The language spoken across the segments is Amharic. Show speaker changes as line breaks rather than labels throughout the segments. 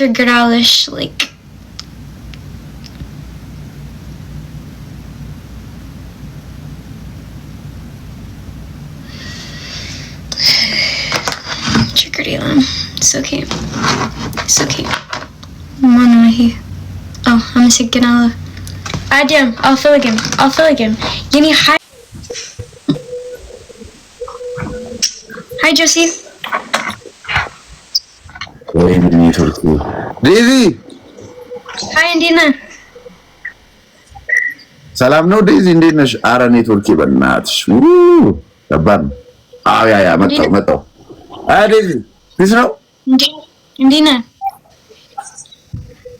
your growlish like curriculum. It's okay. It's okay. Mano here? Oh, I'm sick ganala. I do. I'll fill again. I'll fill again. Give me hi Hi Josie.
ወይ እንግዲህ ኔትወርክ ዴዚ አይ እንዴት ነህ? ሰላም ነው ዴዚ እንዴት ነሽ? አረ ኔትወርክ በእናትሽ ከባድ አዎ ያ ያ መጣው መጣው። አይ ዴዚ ፒስ ነው እንዴት ነህ?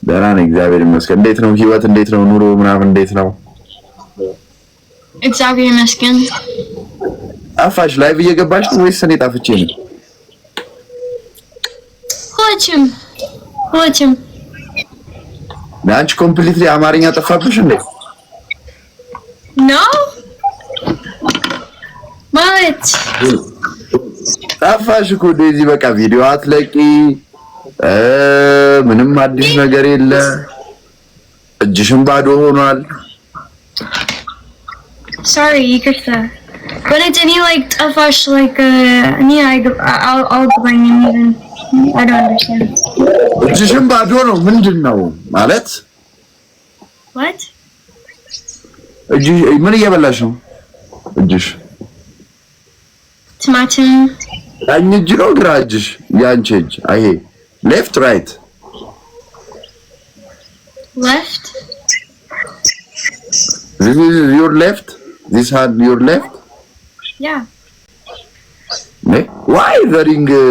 ደህና ነኝ እግዚአብሔር ይመስገን። እንዴት ነው ህይወት? እንዴት ነው ኑሮ ምናምን እንዴት ነው?
እግዚአብሔር ይመስገን።
ጠፋሽ ላይቭ እየገባሽ ነው ወይስ እኔ ጠፍቼ ነው?
ሆችም ሆችም
አንቺ ኮምፕሊትሊ አማርኛ ጠፋብሽ እንዴ?
ኖ ማለት
ጠፋሽ እኮ ዴዚ። በቃ ቪዲዮ አትለቂ፣ ምንም አዲስ ነገር የለ፣ እጅሽም ባዶ ሆኗል።
ሶሪ ይቅርታ። በእውነት እኔ ላይክ ጠፋሽ ላይክ እኔ አልገባኝም
እጅሽም ባዶ ነው። ምንድን ነው ማለት? ምን እየበላሽ ነው? እጅሽ ትማትን ቀኝ እጅ ነው ግራ እጅሽ? የአንቺ እጅ አይ ሌፍት ራይት ሌፍት this is your left this hand your left yeah why the ring uh,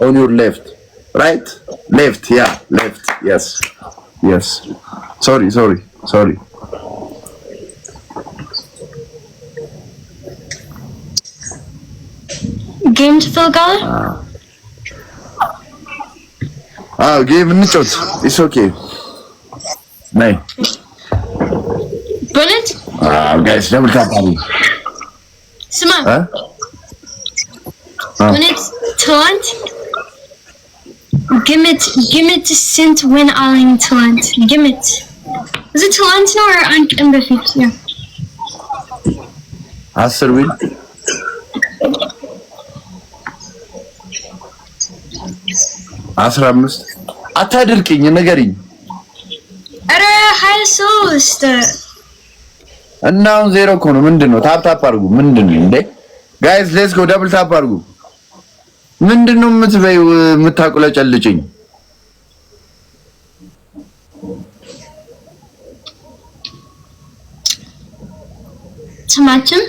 on your left, right? Left, yeah, left, yes, yes. Sorry, sorry, sorry.
Games for God?
Ah, game It's okay. No. Bullet? Ah, guys, double tap on
Simon? Huh? Ah. When it's turned? ግምት ግምት ስንት ወን አለኝ ትላንት ግምት እዚ ትላንት ነው አንድ ቀን በፊት ነው።
አስር ቢል አስራ አምስት አታድርቅኝ፣ ንገሪኝ።
ኧረ ሀያ ሦስት
እና አሁን ዜሮ እኮ ነው። ምንድን ነው? ታፕ ታፕ አድርጉ። ምንድን ነው እንዴ? ጋይዝ ሌትስ ጎ ደብል ታፕ አድርጉ። ምንድን ነው የምትበይው? የምታቁለጨልጭኝ ቲማቲም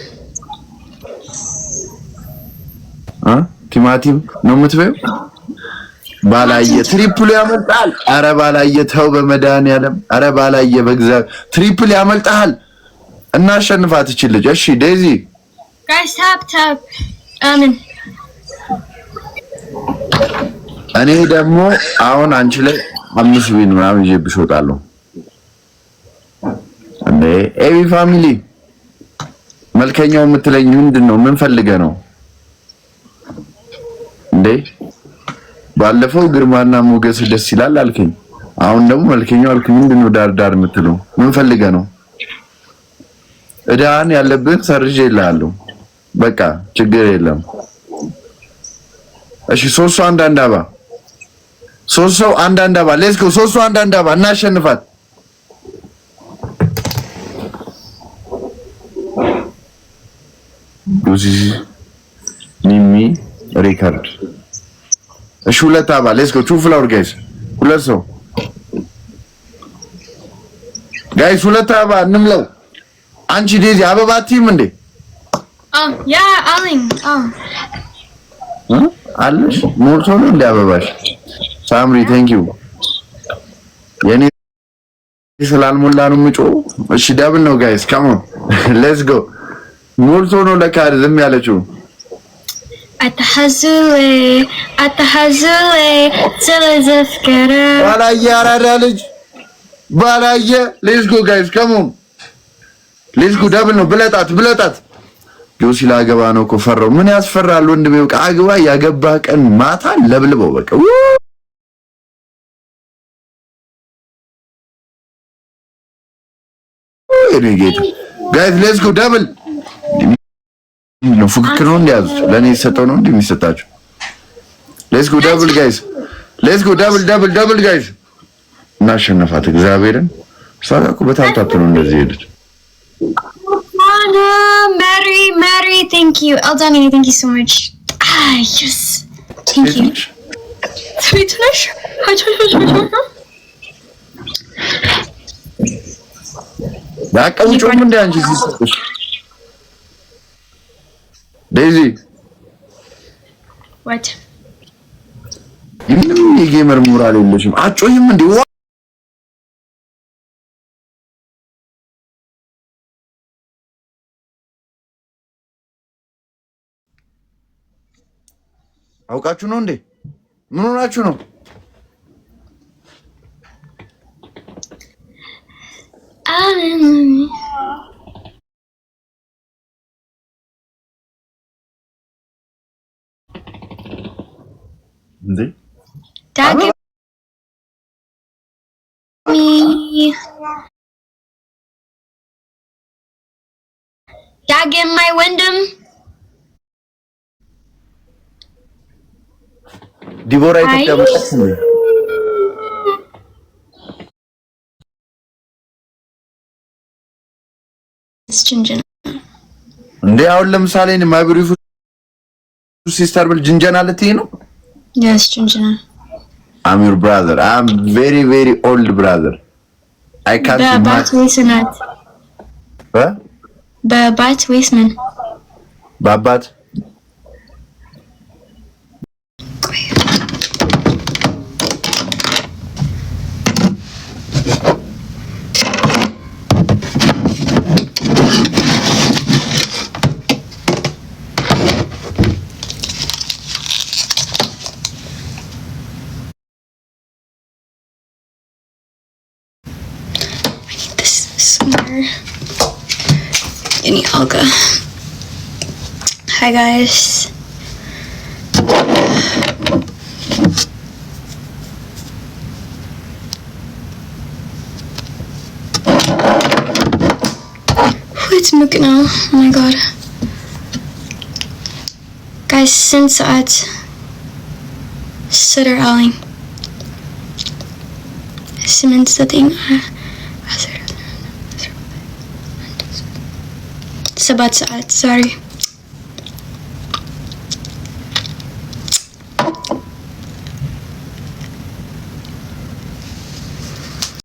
አ ቲማቲም ነው የምትበይው? ባላየ ትሪፕል ያመልጣል። አረ ባላየ ተው በመድኃኒዓለም አረ ባላየ በእግዚአብሔር ትሪፕል ያመልጣል። እናሸንፋት ይችልሽ። እሺ ዴዚ
ጋይስ ታፕ ታፕ አሜን
እኔ ደግሞ አሁን አንቺ ላይ አምስት ቢን ምናምን ይዤብሽ እወጣለሁ። እንዴ ኤቢ ፋሚሊ መልከኛው የምትለኝ ምንድን ነው? ምን ፈልገ ነው እንዴ? ባለፈው ግርማና ሞገስ ደስ ይላል አልከኝ። አሁን ደግሞ መልከኛው አልከኝ። ምንድን ነው ዳር ዳር የምትለው? ምን ፈልገ ነው? እዳን ያለብን ሰርዤ በቃ ችግር የለም። እሺ ሶስት ሰው አንድ አንድ አባ ሶስት ሰው አንድ አንድ አባ ሌትስ ጎ ሶስት ሰው አንድ አንድ አባ እናሸንፋት። ኡዚዚ ሚሚ ሪካርድ እሺ ሁለት አባ ሌትስ ጎ ቱ ፍላወር ጋይስ ሁለት ሰው ጋይስ ሁለት አባ እንምለው። አንቺ ዴዚ አበባ አትይም እንዴ?
ያ um, አለኝ
አለሽ ሞልቶ ነው እንደ አበባሽ። ሳምሪ ቴንክ ዩ የኔ ስላልሞላ ነው ምጮ። እሺ ደብል ነው ጋይስ ካም ኦን ሌትስ ጎ። ሞልቶ ነው ለካ ዝም ያለችው።
አታሐዙ አታሐዙ ዘፍከረ
ባላየ አራዳ ልጅ ባላየ ሌትስ ጎ ጋይስ ካም ኦን ሌትስ ጎ ደብል ነው ብለጣት ብለጣት ጆሲ ላገባ ነው እኮ ፈራው። ምን ያስፈራል ወንድሜ? በቃ አግባ። ያገባ ቀን ማታ ለብልበው በቃ ጌታ ጋይዝ ሌትስ ጎ ደብል ነው። ፉክክር ነው እንደያዙት ለእኔ የተሰጠው ነው እንዲህ የሚሰጣቸው። ሌትስ ጎ ደብል ጋይስ ሌትስ ጎ ደብል ደብል ደብል ጋይስ እናሸነፋት እግዚአብሔርን። እሷ ጋር እኮ በታብታብ ነው እንደዚህ ሄደች።
Anna, Mary, Mary, thank you. Eldani, thank you so much. Ah, yes. Thank you. Sweetness. Daisy. What?
አንቺ ሲሰጥሽ a ወት ምንም የጌመር ሞራል የለሽም። አጮይም እንዴ አውቃችሁ ነው እንዴ? ምን ሆናችሁ ነው? እንዴ
ዳግም ማይ ወንድም
ዲቦራ ኢትዮጵያ መጣች ነው እንዴ? አሁን ለምሳሌ ማይ ብሪፍ ሲስተር ብል ጅንጀና ልትይ ነው?
ያስ ጅንጀና
አም ዩር ብራዘር አም ቬሪ ቬሪ ኦልድ ብራዘር አይ ካንት
በባት ወይስ ምን በአባት more any alga. Hi guys. it's milky Oh my god. Guys, since at Sutter Alley. Simmons the thing. about saat. Sorry.